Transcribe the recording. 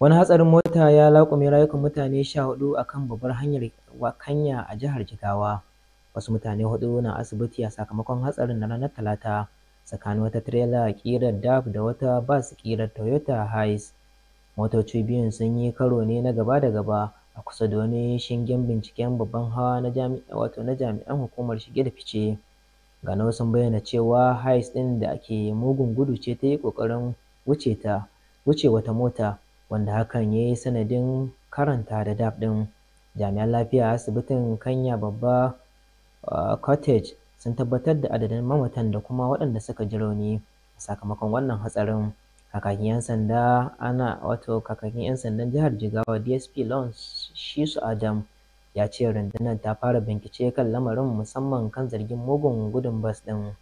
Wani hatsarin mota ya laƙume rayukan mutane sha hudu a kan babbar hanyar kanya a jihar Jigawa. Wasu mutane hudu na asibiti a sakamakon hatsarin na ranar Talata tsakanin wata tirela ƙirar DAF da wata bas ƙirar Toyota Hiace. Motoci biyun sun yi karo ne na gaba da gaba a kusa da wani shingen binciken babban hawa na wato na jami'an hukumar shige da fice. Gano sun bayyana cewa Hiace ɗin da ake mugun gudu ce ta yi ƙoƙarin wuce wata mota. wanda hakan ya yi sanadin karanta da daf ɗin jami'an lafiya asibitin kanya babba uh, cottage sun tabbatar da adadin mamatan da kuma waɗanda suka ji rauni a sakamakon wannan hatsarin kakakin 'yan sanda ana wato kakakin 'yan sandan jihar jigawa dsp lons shisu adam ya ce rundunar ta fara bincike kan lamarin musamman kan zargin mugun gudun bas ɗin.